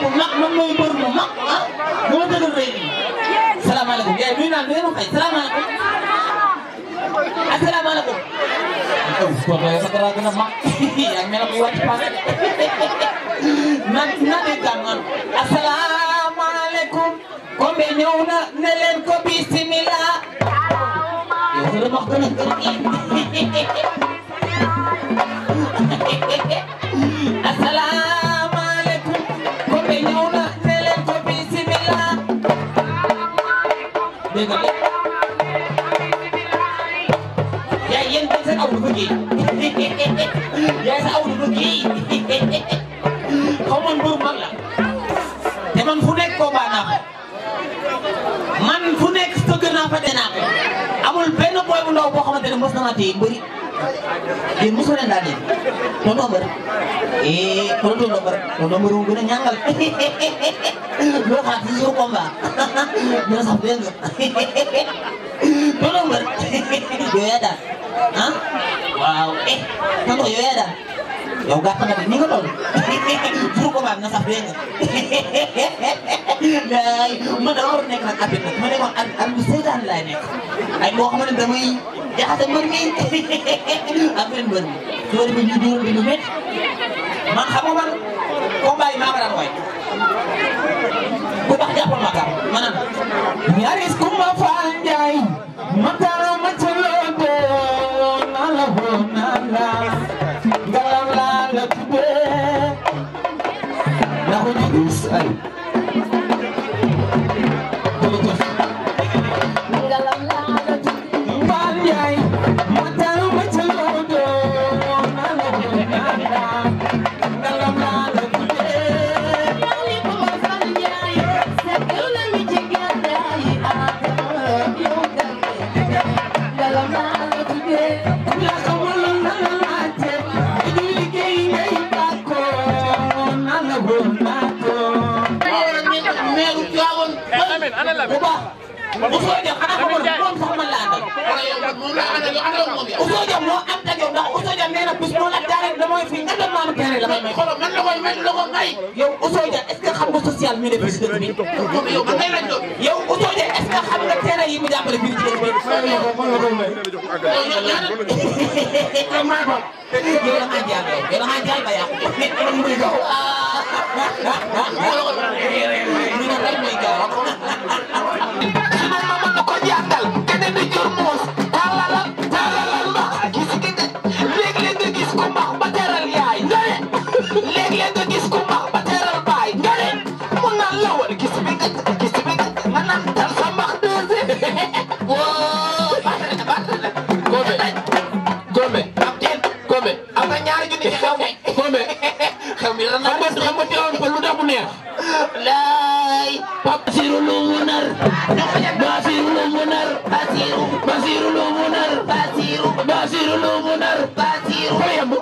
bu mag moom mooy mbër mu mag ah moo gën a rëy salaamaaleykum yaay nuyu naa nuyu na fay salaamaaleykum asalaamaaleykum ah, kon loolu sa dara gën a mag yaa ngi mel ne kuy wàcc paase nan nan lay jàngal asalaamaaleykum comme bi ñëw na ne leen ko bisimilah yow dama gën a gani yayin da sai abu kuke ya sa abu kuke kawon bur magla da man fu nekk ko ba na man fu nekk tëgg naa fa dana amul benn boy bu ndaw boo xamante ne mos na ma téye bëri di musuhnya tadi no nomor eh kalau tuh nomor no nomor unggul nyangkal lo hati suruh komba lo sabtu yang no nomor yo ya dah Hah? wow eh kalau yo ya ya udah kan ini kan dong buru kok nggak ngasap dia dari mana orang yang nak abis mana yang abis sedang lah ini ayo mau kemana demi jaxase mbër mi ak benn mbër mi mbër mi ñu dóor bi ñu métti man xam nga man combat yi maa ko daan waay ku tax jàppal ma ka maanaam ñaaris ku ma fa njaay matara ma ca loote na la woon na la ngalam laa la tuddee ndax ñu gis ay usoo jam ana ko bon borom sax man la àndal moom la àndal yow àndal moom yow usoo jam moo ànd ak yow ndax usoo jam nee na bis moo la jaare damay fi nga dem maanu peere la may may xolam man la koy may la ko may yow usoo jam est ce que xam nga social mi def ci dëkk bi yow man lay laaj doon yow usoo jam est ce que xam nga teere yi mu jàppale biir ci dëkk bi yow da ngaa jaal yow da ngaa jaal ba yàqu xam nga xam nga teewoon ko lu tax mu neex. laay. Basiru lu mu nar. Basiru lu mu nar. Basiru. Basiru lu mu nar. Basiru. Basiru lu mu nar. Basiru. fa yemb.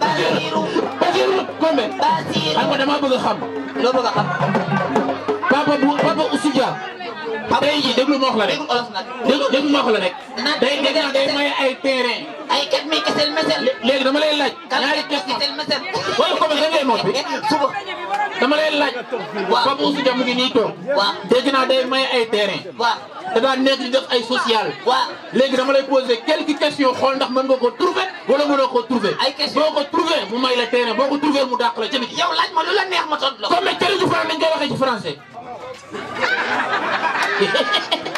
Basiru. Basiru Gombe. Basiru. xam nga dama bëgg a xam. loo bëgg a xam. papa bu papa aussi. tey jii déglu ma wax la rek déglu déglu ma wax la rek. day day may ay terrain. ay kat mi kessel mesel. legui dama lay laaj. ñaari question wala ko da ngay noppi suba dama lay laaj. waaw bu su Dia gi ni to toog. waaw dégg day may ay terrain. wa da daa nekk di def ay social. wa legui dama lay poser quelques questions xol ndax man nga ko trouver wala mo ko trouver. ay questions boo trouver mu may la terrain boko trouver mu dàq la ci nit yow laaj ma lu la neex ma tontu la. comme lu fa dañ koy waxe ci français.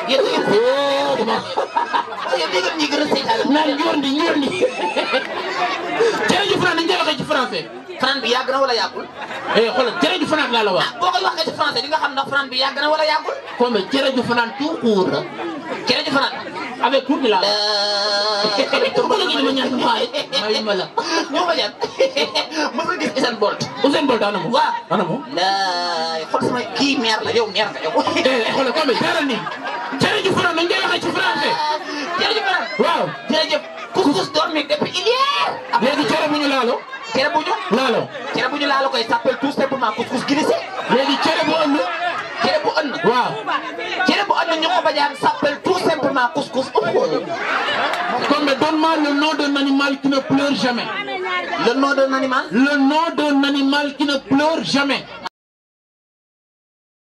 Gitu gitu. Ya dégg nga ñi gën a seetaan naan ñorndi ñorndi. Jërëjëf France dañ koy waxee ci français. France bi yàgg na wala yàggul. Eh xoolal jërëjëf France laa la wax. Ah, boo koy wax nga ci français di nga xam ndax France bi yàgg na wala yàggul. Comme jërëjëf France tout court. Jërëjëf France. Avec vous, là. Pourquoi le guide m'a dit Maï Mala. Nous, Maï. Moussa Gay. Usain Bolt. Usain Bolt, en amour. En amour. Là, il faut que ça Qui merde, yo, merde, yo. Eh, on le calme, t'es ni. T'es du frère, mais t'es du frère. T'es du frère. Wow. T'es du Couscous dormi depuis hier. Léegi cere bu ñu laalo. cere bu ñu. laalo cere bu ñu laalo koy s'appelle tout simplement couscous glissé. léegi cere bu ënn. cere bu ënn. waaw cere bu ënn ñu ko couscous oh, oh. donne-moi le nom d'un animal qui ne pleure jamais. Ah, le nom d'un animal Le nom d'un animal qui ne pleure jamais.